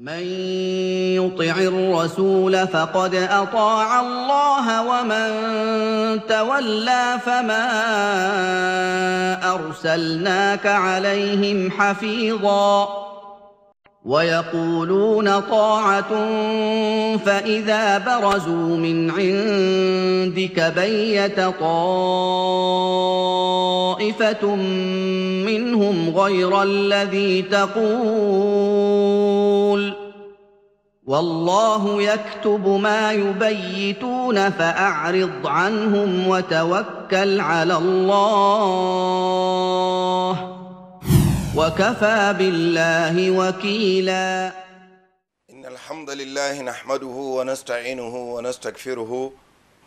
من يطع الرسول فقد اطاع الله ومن تولى فما ارسلناك عليهم حفيظا ويقولون طاعه فاذا برزوا من عندك بيت طائفه منهم غير الذي تقول والله يكتب ما يبيتون فاعرض عنهم وتوكل على الله وكفى بالله وكيلا ان الحمد لله نحمده ونستعينه ونستغفره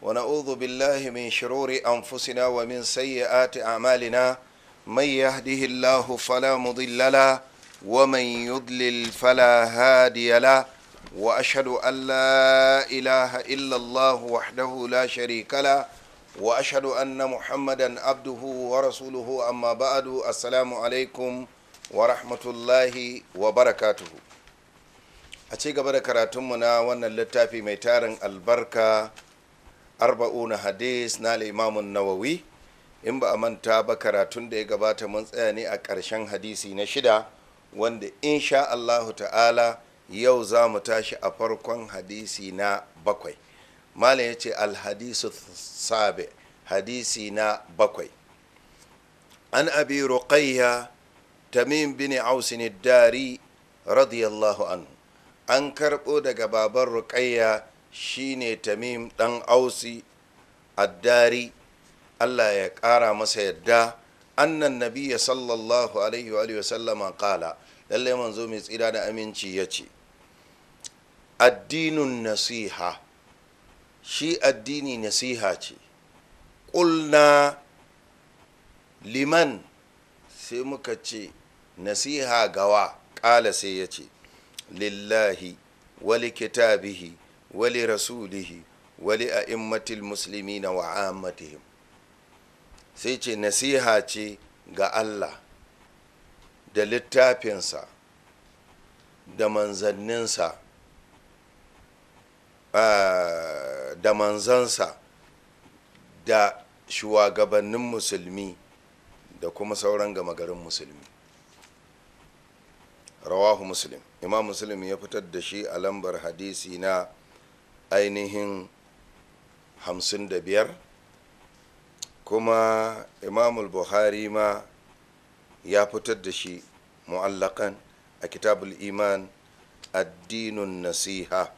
ونعوذ بالله من شرور انفسنا ومن سيئات اعمالنا من يهده الله فلا مضل له ومن يضلل فلا هادي له la ilaha لا wahdahu la الله وحده لا شريك له muhammadan abduhu محمدا عبده ورسوله ba'adu بعد السلام عليكم rahmatullahi الله وبركاته a ci gaba da karatunmu na wannan littafi mai tarin albarka arba'una hadis na limamun nawawi in ba a manta ba karatun da ya gabata mun tsaya ne a ƙarshen hadisi na shida wanda insha allahu ta'ala yau za mu tashi a farkon hadisi na bakwai malam ya ce alhadisu sabe hadisi na bakwai an abi ruqayya tamim bin ausin dari radiyallahu anhu an karbo daga baban ruqayya shine tamim ɗan ausi addari allah ya ƙara masa yadda annan nabiya sallallahu alaihi wa sallama ƙala lallai manzo mai tsira da aminci ya ce addinin nasiha shi addini nasiha ce ƙulna liman sai muka ce nasiha gawa ƙala sai ya ce lillahi wali kitabihi wali rasulihi wali a immatil musulmi na wa'ammatihim sai ce nasiha ce ga allah da littafinsa da manzanninsa Eh, da manzansa da shugabannin musulmi da kuma sauran gama garin musulmi rawahu muslim imam muslim ya fitar da shi a lambar hadisi na ainihin 55 kuma imamul buhari ma ya fitar da shi mu'allakan a kitabul iman addinun nasiha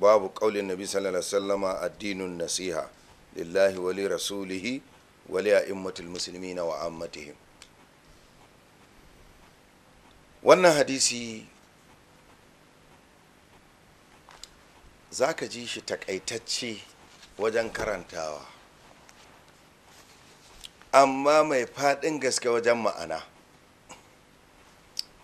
babu ƙaulin nabi sallallahu alaihi wasallama addinin nasiha lillahi wali rasulihi wali a'immatul muslimina wa ammatihim wannan hadisi za ka ji shi takaitacce wajen karantawa amma mai faɗin gaske wajen ma'ana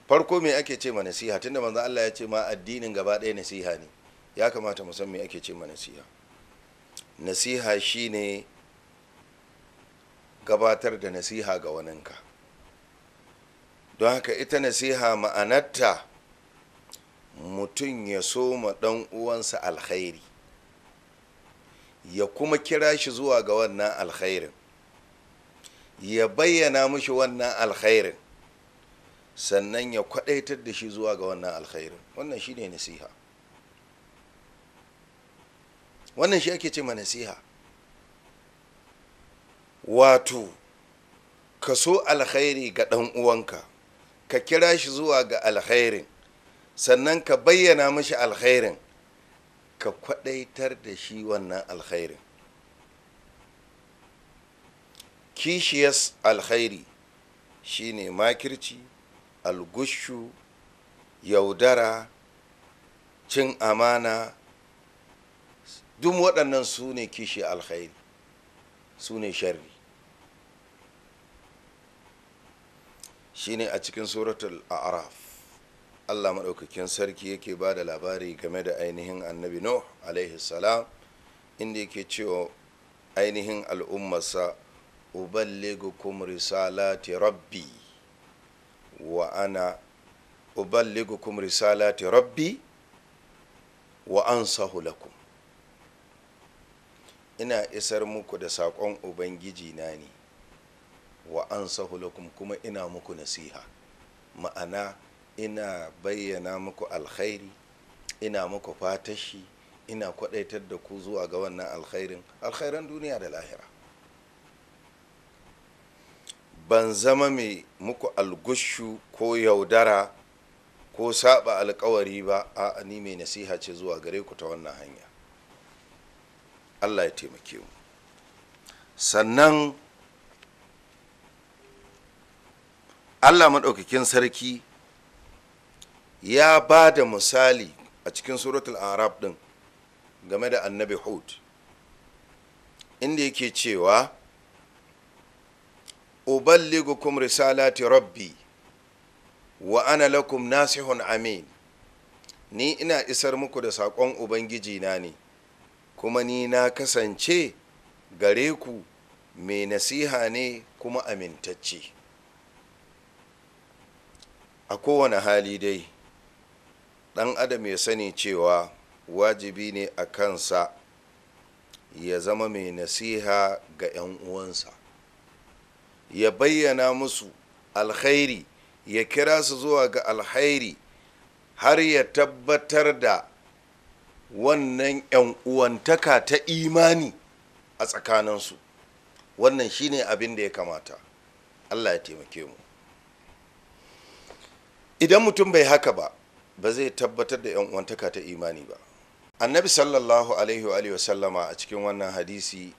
farko me ake ce ma nasiha tunda manzo Allah ya ce ma addinin gaba ɗaya nasiha ne ya kamata mu san me ake ce ma nasiha nasiha shine gabatar da nasiha ga waninka don haka ita nasiha ma'anarta mutum ya so ma ɗan uwansa alkhairi ya kuma kira shi zuwa ga wannan alkhairin ya bayyana mushi wannan alkhairin sannan ya kwadaitar da shi zuwa ga wannan alkhairin wannan shine nasiha wannan shi ake ce ma nasiha wato ka so alkhairi ga ɗan uwanka ka kira shi zuwa ga alkhairin sannan ka bayyana mashi alkhairin ka kwadaitar da shi wannan alkhairin kishiyas alkhairi shine makirci algushu yaudara cin amana duk waɗannan su ne kishi alkhairi su ne sharri shi ne a cikin suratul araf allah maɗaukakin sarki yake ba da labari game da ainihin annabi nuh alaihi inda yake cewa ainihin al'ummarsa uballigukum risalati rabbi wa ana uballigukum risalati rabbi wa an lakum ina isar muku da saƙon ubangiji na ne wa an lakum kuma ina muku nasiha ma'ana ina bayyana muku alkhairi ina muku fatashi ina kwadaitar da ku zuwa ga wannan alkhairin alkhairan duniya da lahira ban zama mai muku algushu ko yaudara ko saba alkawari ba a ni mai nasiha ce zuwa gare ku ta wannan hanya allah ya taimake mu sannan allah maɗaukakin sarki ya ba da misali a cikin suratul arab ɗin game da annabi hud inda yake cewa uballigukum risalati rabbi wa ana lakum nasihun amin ni ina isar muku da saƙon ubangiji na ne kuma ni na kasance gare ku mai nasiha ne kuma amintacce a kowane hali dai ɗan adam ya sani cewa wajibi ne a kansa ya zama mai nasiha ga 'yan uwansa ya bayyana musu alkhairi ya kira su zuwa ga alkhairi har ya tabbatar da wannan 'yan uwantaka ta imani a tsakaninsu wannan shine abin da ya kamata allah ya taimake mu idan mutum bai haka ba ba zai tabbatar da 'yan uwantaka ta imani ba annabi sallallahu alaihi wa sallama a cikin wannan hadisi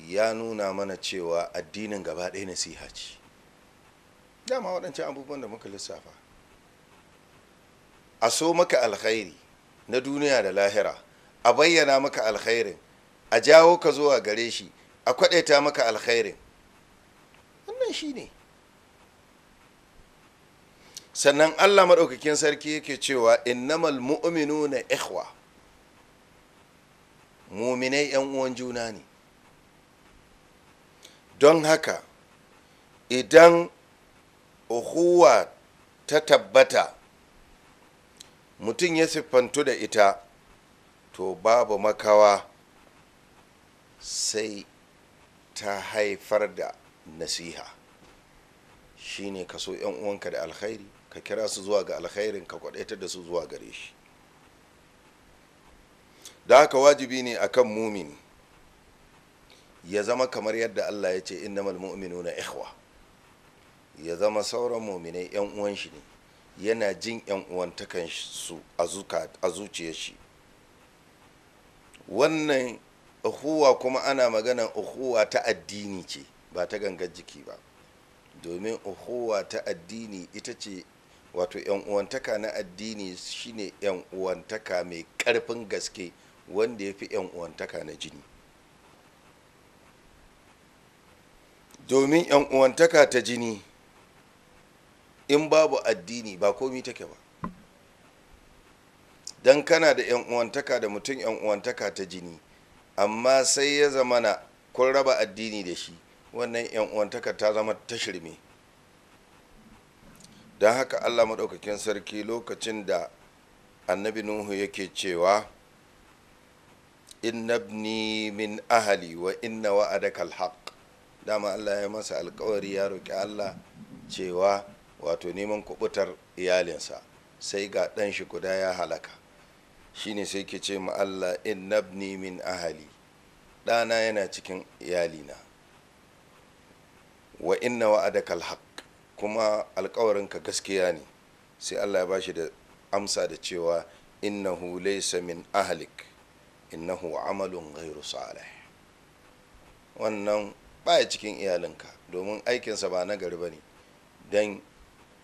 ya nuna mana cewa addinin gaba ɗaya nasiha ce dama waɗancan abubuwan da muka lissafa a so maka alkhairi na duniya da lahira a bayyana maka alkhairin a jawo ka zuwa gare shi a kwadaita maka alkhairin wannan shi ne sannan allah maɗaukakin sarki yake cewa innamal mu'minu na ikhwa muminai yan uwan juna ne don haka idan uhuwa ta tabbata mutum ya siffantu da ita to babu makawa sai ta haifar da nasiha shine ka so uwanka da alkhairi ka kira su zuwa ga alkhairin ka kwadaita da su zuwa gare shi da haka wajibi ne akan mumin ya zama kamar yadda Allah ya ce innamal na ikhwa ya zama sauran muminai yan uwan shi ne yana jin yan uwantakan su a zuciya shi wannan uhuwa kuma ana magana uhuwa ta addini ce ba ta gangar jiki ba domin uhuwa ta addini ita ce wato yan uwantaka na addini shine yan uwantaka mai karfin gaske wanda ya fi yan uwantaka na jini domin yan uwantaka ta jini in babu addini ba komi take ba don kana da yan uwantaka da mutum yan uwantaka ta jini amma sai ya zamana kun raba addini da shi wannan yan uwantaka ta zama ta shirme don haka allah maɗaukakin sarki lokacin da annabi nuhu yake cewa inna ibni min ahali wa inna wa'adaka alhaq dama allah ya masa alkawari ya roƙi allah cewa wato neman kubutar iyalinsa sai ga ɗan shi guda ya halaka shine sai ke ce ma Allah innabni min ahali ɗana yana cikin iyalina wa inna wa'adaka alhaq kuma alkawarinka gaskiya ne sai Allah ya bashi da amsa da cewa innahu laysa min ahlik innahu amalun ghairu salih wannan baya cikin iyalinka domin aikinsa ba na gari bane dan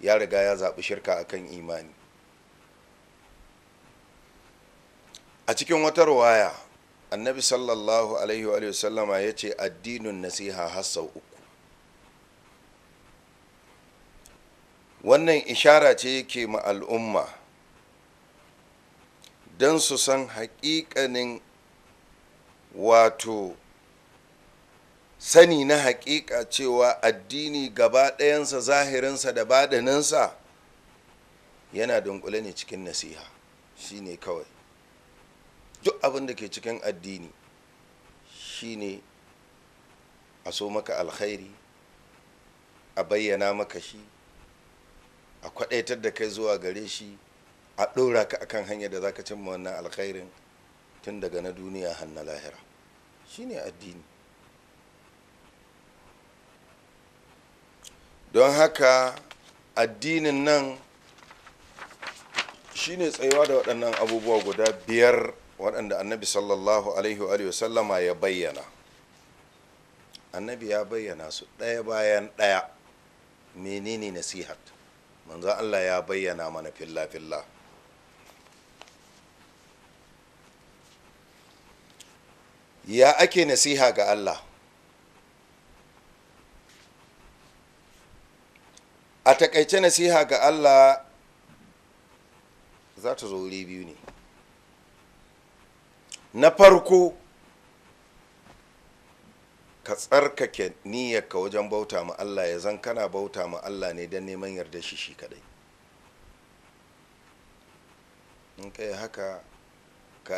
ya riga ya zaɓi shirka akan imani a cikin wata ruwaya annabi sallallahu alaihi wa sallama ya ce addinin nasiha har sau uku wannan ishara ce yake ma al'umma don su san haƙiƙanin wato sani na haƙiƙa cewa addini gaba ɗayansa zahirinsa da baɗininsa yana dunkule ne cikin nasiha shi ne kawai duk abin da ke cikin addini shi ne a so maka alkhairi a bayyana maka shi a kwaɗaitar da kai zuwa gare shi a ɗora ka akan hanyar da za ka cimma wannan alkhairin tun daga na duniya har na lahira ne addini don haka addinin nan shi ne tsayuwa da waɗannan abubuwa guda biyar waɗanda annabi sallallahu alaihi sallama ya bayyana annabi ya bayyana su ɗaya bayan ɗaya menene nasihat manzo Allah ya bayyana mana filla-filla ya ake nasiha ga Allah a takaice nasiha ga allah za ta zo wuri biyu ne na farko ka tsarkake niyyarka wajen bauta ma allah ya zan kana bauta ma allah ne don neman yarda shi shi kadai in kai haka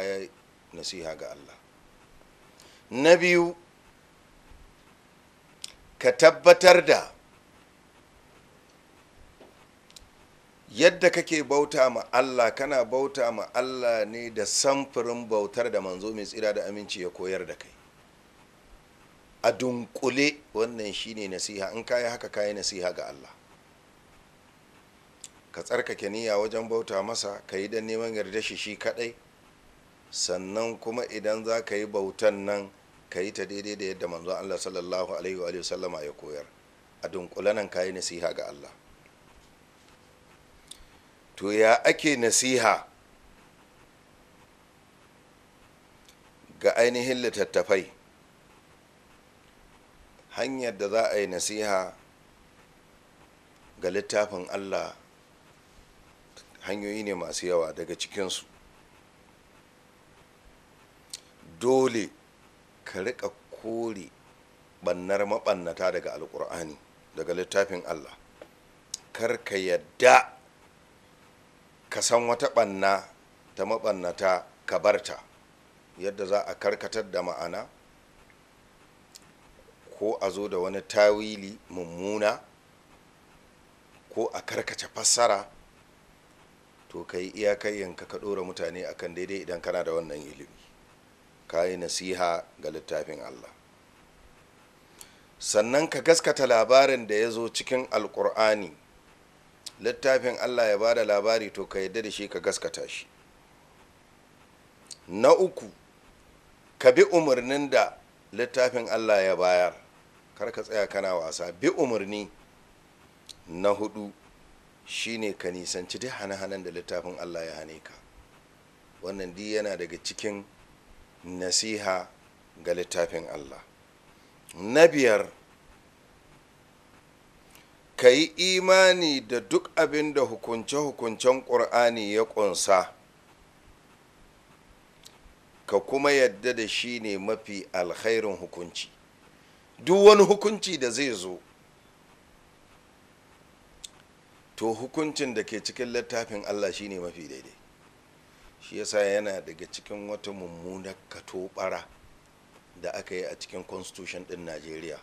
yi nasiha ga allah na biyu ka tabbatar da yadda kake bauta ma Allah kana bauta ma Allah ne da samfurin bautar da manzo mai tsira da aminci ya koyar da kai a dunkule wannan shine nasiha in kayi haka kayi nasiha ga Allah ka tsarkake niyya wajen bauta masa ka yi don neman yarda shi shi kadai sannan kuma idan za ka yi bautan nan ka yi ta daidai da yadda manzo Allah sallallahu alaihi wa sallama ya koyar a dunkule nan kayi nasiha ga Allah to ya ake nasiha ga ainihin littattafai hanyar da za a yi nasiha ga littafin allah hanyoyi ne masu yawa daga cikinsu dole ka rika kore bannar maɓannata daga alƙur'ani daga littafin allah kar ka yadda ka san wata ɓanna ta maɓannata ka barta yadda za a karkatar da ma'ana ko a zo da wani tawili mummuna ko a karkace fassara to ka yi iyakayyanka ka ɗora mutane akan daidai idan kana da wannan ilimi ka yi nasiha ga littafin allah sannan ka gaskata labarin da ya zo cikin alkur'ani littafin allah ya bada labari to ka yadda da shi ka gaskata shi na uku ka bi umarnin da littafin allah ya bayar kar ka tsaya kana wasa bi umarni na hudu shine ka nisanci duk hane-hanen da littafin allah ya hane ka wannan di yana daga cikin nasiha ga littafin allah na biyar ka yi imani da duk abin da hukunce-hukuncen ƙur'ani ya ƙunsa ka kuma yadda da shi ne mafi alkhairin hukunci duk wani hukunci da zai zo to hukuncin da ke cikin littafin allah shi ne mafi daidai shi yasa yana daga cikin wata mummunar katobara da aka yi a cikin constitution ɗin najeriya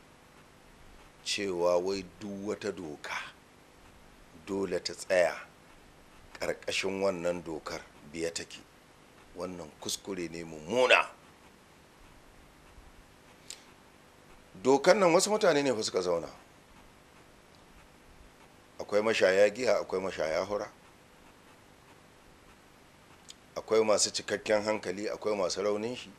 cewa wai duk wata doka dole ta tsaya ƙarƙashin wannan dokar biya take wannan kuskure ne mummuna dokan nan wasu mutane ne fa suka zauna akwai mashaya giya akwai mashaya hura akwai masu cikakken hankali akwai masu raunin shi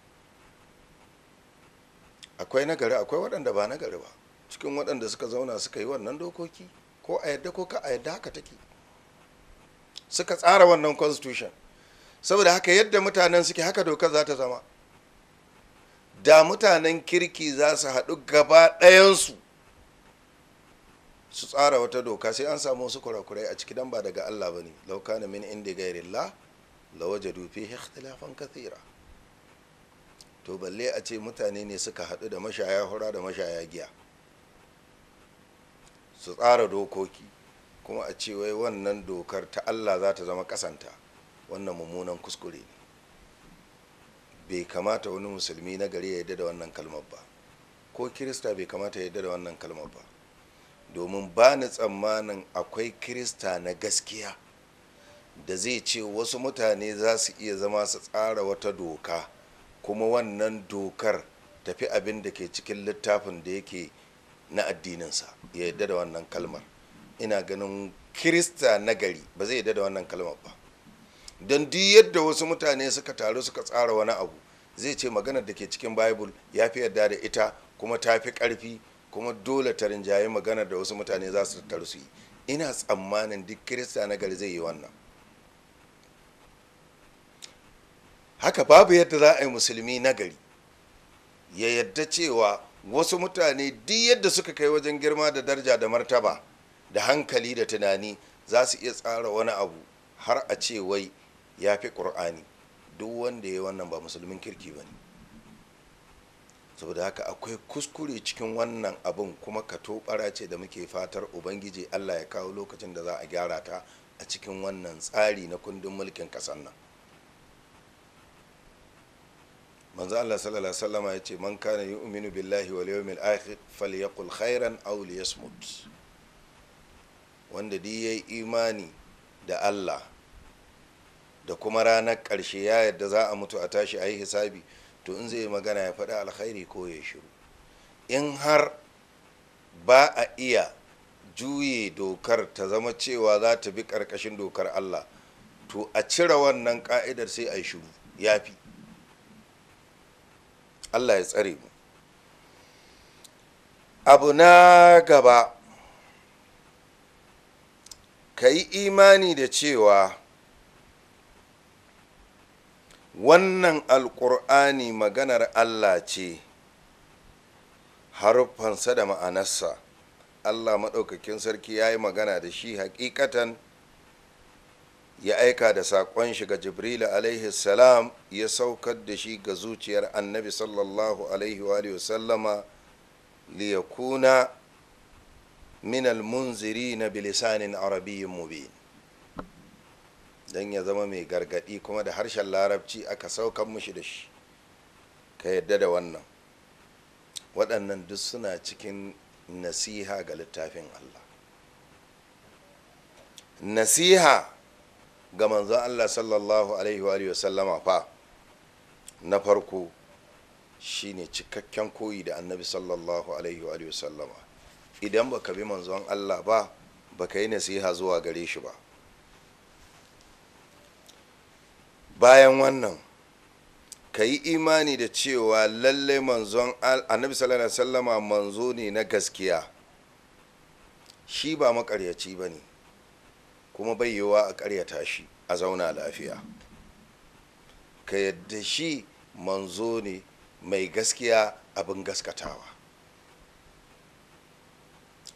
akwai nagari akwai waɗanda ba nagari ba cikin waɗanda suka zauna suka yi wannan dokoki ko a yadda ko ka a yadda haka take suka tsara wannan constitution saboda haka yadda mutanen suke haka dokar za ta zama da mutanen kirki za su haɗu gaba ɗayansu su tsara wata doka sai an samu wasu kurakurai a ciki dan ba daga Allah bane lauka na min indi ghairillah la wajadu fihi ikhtilafan kathira to balle a ce mutane ne suka haɗu da mashaya hura da mashaya giya su tsara dokoki kuma a ce wai wannan dokar ta allah za ta zama kasanta wannan mummunan kuskure ne bai kamata wani musulmi na gari ya yadda da wannan kalmar ba ko kirista bai kamata ya yadda da wannan kalmar ba domin ba ni tsammanin akwai kirista na gaskiya da zai ce wasu mutane za su iya zama su tsara wata doka kuma wannan dokar tafi abin da ke cikin littafin da yake na addininsa ya yadda da wannan kalmar ina ganin kirista nagari ba zai yadda da wannan kalmar ba don duk yadda wasu mutane suka taru suka tsara wani abu zai ce maganar da ke cikin bible ya fi yarda da ita kuma ta fi ƙarfi kuma dole ta rinjaye maganar da wasu mutane za su taru su yi ina tsammanin duk kirista nagari zai yi wannan haka babu yadda za a yi musulmi nagari ya yadda cewa wasu mutane duk yadda suka kai wajen girma da daraja da martaba da hankali da tunani za su iya tsara wani abu har a ce wai ya fi ƙur'ani duk wanda ya yi wannan ba musulmin kirki ba ne saboda haka akwai kuskure cikin wannan abin kuma ka tobara ce da muke fatar ubangiji allah ya kawo lokacin da za a gyara ta a cikin wannan tsari na kundin mulkin ƙasar nan manzo Allah sallallahu alaihi ya ce man kana yu'minu billahi wal yawmil akhir falyaqul khairan aw liyasmut wanda duk yayi imani da Allah da kuma ranar ƙarshe ya yadda za a mutu a tashi a yi hisabi to in zai magana ya faɗi alkhairi ko ya shiru in har ba a iya juye dokar ta zama cewa za ta bi ƙarƙashin dokar Allah to a cire wannan ƙa'idar sai a yi shiru ya fi allah ya tsare mu abu na gaba ka yi imani da cewa wannan alƙur'ani maganar allah ce harufansa da ma'anarsa allah maɗaukakin sarki ya yi magana da shi hakikatan ya aika da saƙon shi ga jibril alaihi salam ya saukar da shi ga zuciyar annabi sallallahu alaihi wa sallama liyakuna min almunziri na bilisanin arabiyyin mubin don ya zama mai gargadi kuma da harshen larabci aka saukan mushi da shi ka yadda da wannan waɗannan duk suna cikin nasiha ga littafin allah nasiha ga manzon Allah sallallahu alaihi wa sallama fa na farko shi ne cikakken koyi da annabi sallallahu alaihi wa sallama idan baka bi manzon Allah ba baka yi nasiha zuwa gare shi ba bayan wannan ka yi imani da cewa lallai manzon annabi sallallahu alaihi wa sallama manzo ne na gaskiya shi ba makaryaci ba ne kuma bai a karyata shi a zauna lafiya ka yadda shi manzo ne mai gaskiya abin gaskatawa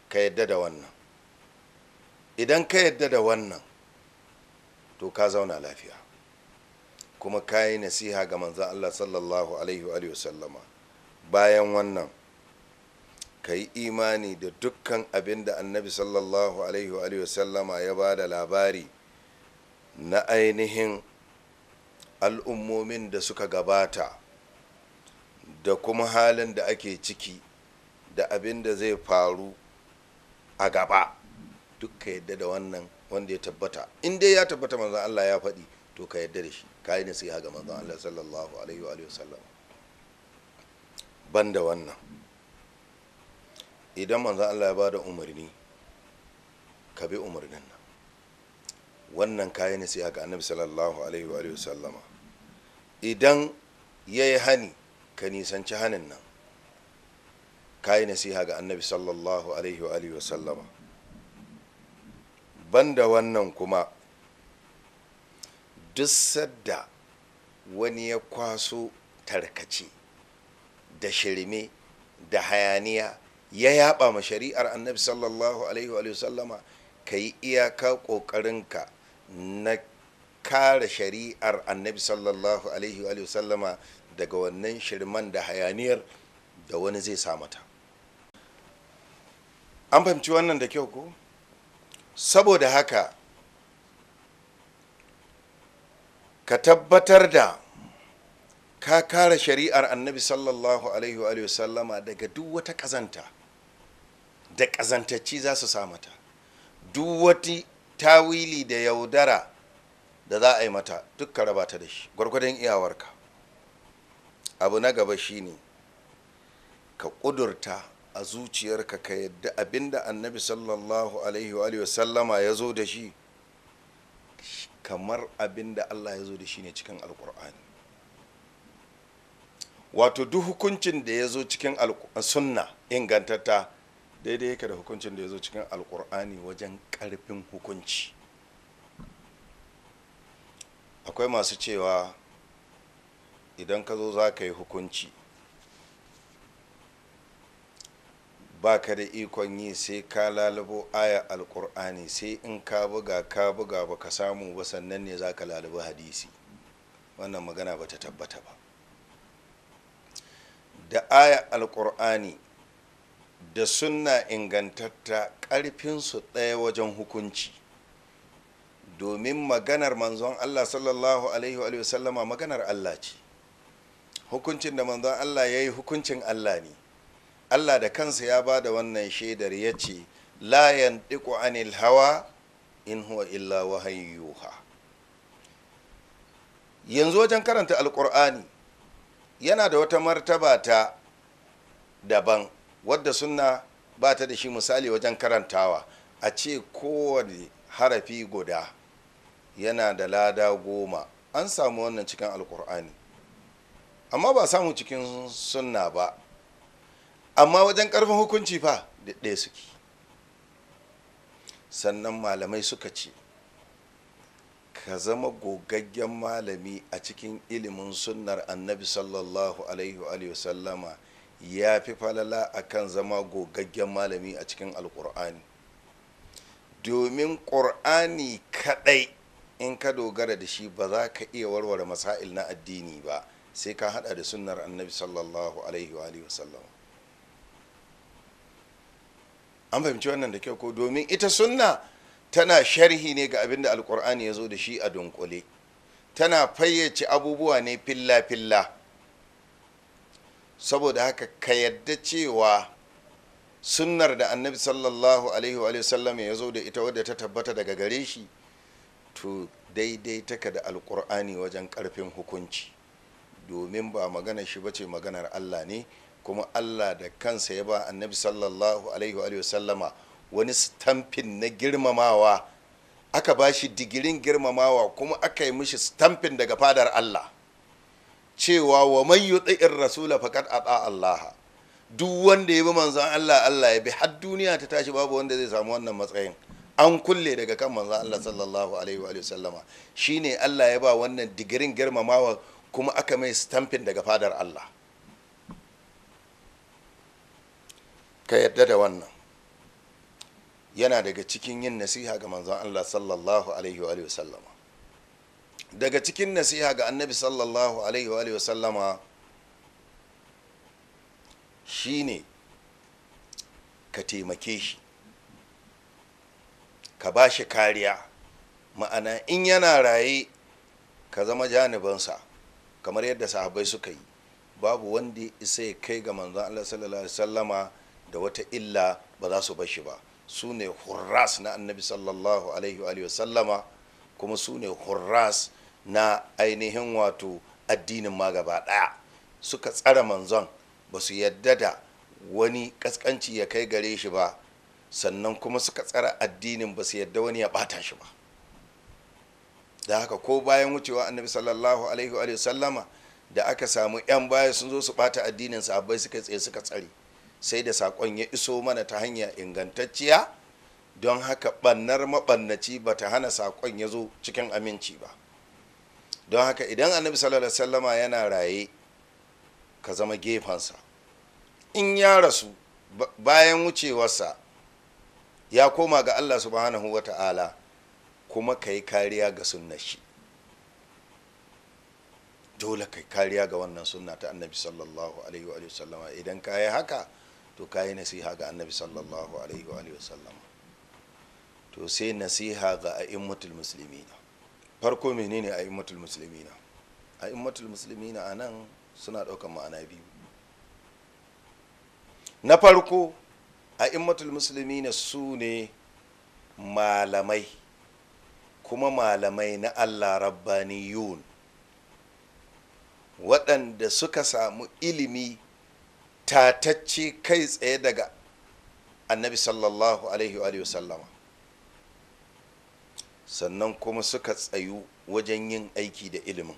ka yadda da wannan idan ka yadda da wannan to ka zauna lafiya kuma ka yi nasiha ga manzan allah sallallahu alaihi wasallama bayan wannan ka yi imani da dukkan abin da annabi sallallahu alaihi wa wasallama ya ba da labari na ainihin al'ummomin da suka gabata da kuma halin da ake ciki da abin da zai faru a gaba dukka yadda da wannan wanda ya tabbata in dai ya tabbata manzan Allah ya faɗi to ka yadda da shi ka yi nasiha ga manzan Allah sallallahu alaihi wa sallam ban da wannan idan manzan Allah ya ba da umarni ka bi umarnin nan wannan kayan nasiha ga annabi sallallahu alaihi wa sallama idan ya yi hani ka nisanci hanin nan kayan nasiha ga annabi sallallahu alaihi wa sallama banda wannan kuma duk sadda wani ya kwaso tarkace da shirme da hayaniya ya yaba ma shari'ar annabi sallallahu alaihi wa sallama ka yi iyaka ƙoƙarinka na kare shari'ar annabi sallallahu alaihi wa sallama daga wannan shirman da hayaniyar da wani zai sa mata an fahimci wannan da kyau ko saboda haka ka tabbatar da ka kare shari'ar annabi sallallahu alaihi wa sallama daga duk wata ƙazanta da ƙazantacci za su sa mata duk wata tawili da yaudara da za a yi mata duk ka raba da shi gwargwadon iyawarka abu na gaba shine ka ƙudurta a zuciyarka ka yadda abinda annabi sallallahu alaihi wa sallama ya zo da shi kamar abinda allah ya zo da shi ne cikin alkur'ani wato duk hukuncin da ya zo cikin sunna ingantatta daidai yake da hukuncin da ya zo cikin alkur'ani wajen ƙarfin hukunci akwai masu cewa idan ka zo za ka yi hukunci ba ka da ikon yi sai ka lalubo aya alkur'ani sai in ka buga ka buga ba ka samu ba sannan ne za ka lalubo hadisi wannan magana ba ta tabbata ba da aya alkur'ani da suna ingantatta ƙarfinsu ɗaya wajen hukunci domin maganar manzon Allah sallallahu alaihi wa sallama maganar Allah ce hukuncin da manzon Allah ya yi hukuncin Allah ne Allah da kansa ya ba da wannan shaidar ya ce layan ɗiku anil hawa in huwa illa wahayin yanzu wajen karanta alƙur'ani yana da wata martaba ta daban wadda sunna ba ta da shi misali wajen karantawa a ce kowane harafi guda yana da lada goma an samu wannan cikin alkur'ani amma ba samu cikin sunna ba amma wajen karfin hukunci fa da ɗaya suke sannan malamai suka ce ka zama gogaggen malami a cikin ilimin sunnar annabi sallallahu alaihi wa sallama ya fi falala a kan zama gogaggen malami a cikin alkur'ani domin ƙur'ani kaɗai in ka dogara da shi ba za ka iya warware masail na addini ba sai ka hada da sunnar annabi sallallahu alaihi wa sallam an fahimci wannan da kyau ko domin ita sunna tana sharhi ne ga abin da alkur'ani ya zo da shi a dunkule tana fayyace abubuwa ne filla-filla saboda haka ka yadda cewa sunnar da annabi sallallahu alaihi wa sallam ya zo da ita wadda ta tabbata daga gare shi to daidai taka da alkur'ani wajen karfin hukunci domin ba magana shi bace maganar allah ne kuma allah da kansa ya ba annabi sallallahu alaihi wa sallama wani stamfin na girmamawa aka ba shi digirin girmamawa kuma aka yi mishi stamfin daga fadar allah cewa wa man yuti'ir rasula faqad ata Allah duk wanda ya bi manzon Allah Allah ya bi har duniya ta tashi babu wanda zai samu wannan matsayin an kulle daga kan manzon Allah sallallahu alaihi wa sallama shine Allah ya ba wannan digirin girmamawa kuma aka mai stamping daga fadar Allah ka yadda da wannan yana daga cikin yin nasiha ga manzon Allah sallallahu alaihi wa sallama daga cikin nasiha ga annabi sallallahu alaihi wa sallama shi ne ka taimake shi ka ba shi kariya ma'ana in yana raye ka zama janibansa kamar yadda sahabbai suka yi babu wanda isa ya kai ga manzon Allah sallallahu alaihi sallama da wata illa ba za su bar shi ba su ne hurras na annabi sallallahu alaihi wa sallama kuma su ne hurras na ainihin wato addinin ma gaba ɗaya suka tsara manzon ba su yadda da wani kaskanci ya kai gare shi ba sannan kuma suka tsara addinin ba su yadda wani ya bata shi ba da haka ko bayan wucewa annabi sallallahu alaihi wa sallama da aka samu 'yan baya sun zo su bata addinin sabai suka tsaye suka tsare sai da sakon ya iso mana ta hanya ingantacciya don haka ɓannar maɓannaci ba ta hana sakon ya zo cikin aminci ba don haka idan annabi sallallahu alaihi wasallama yana raye ka zama gefansa in ya rasu bayan wucewarsa ya koma ga allah subhanahu wa ta'ala kuma ka yi kariya ga sunnar shi dole ka yi kariya ga wannan sunna ta annabi sallallahu alaihi wa sallama idan ka yi haka to ka yi nasiha ga annabi sallallahu alaihi wa sallama to sai nasiha ga a'immatul musulmi farko menene a'immatul muslimina a'immatul muslimina a nan suna ɗaukar ma'ana biyu na farko a'immatul muslimina su ne malamai kuma malamai na allah rabbaniyun waɗanda suka samu ilimi tatacce kai tsaye daga annabi sallallahu alaihi wa sallama sannan kuma suka tsayu wajen yin aiki da ilimin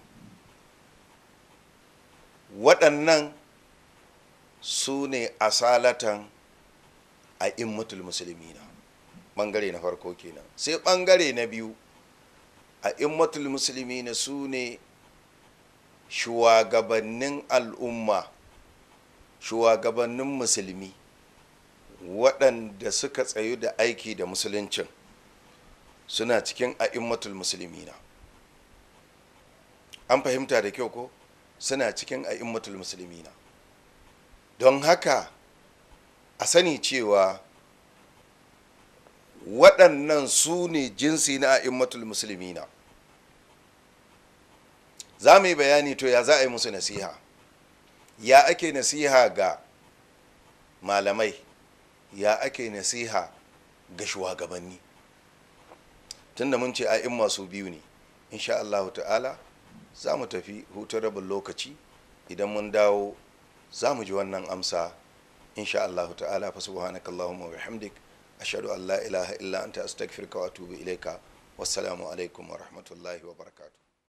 waɗannan su ne asalatan a immatul musulmi na ɓangare na farko kenan sai ɓangare na biyu a immatul musulmi na su ne shugabannin al'umma shugabannin musulmi waɗanda suka tsayu da aiki da musuluncin suna cikin a'immatul musulmina an fahimta da kyau ko suna cikin a'immatul musulmina don haka a sani cewa waɗannan su ne jinsi na a'immatul musulmina za mu yi bayani to ya za a yi musu nasiha ya ake nasiha ga malamai ya ake nasiha ga shugabanni tunda mun ce in masu biyu ne insha Allah ta'ala za mu tafi hutun rabin lokaci idan mun dawo za mu ji wannan amsa insha Allah ta'ala fa subhanakallahumma wa bihamdik ashhadu an la ilaha illa anta astaghfiruka wa atubu ilaika wassalamu alaikum wa rahmatullahi wa barakatuh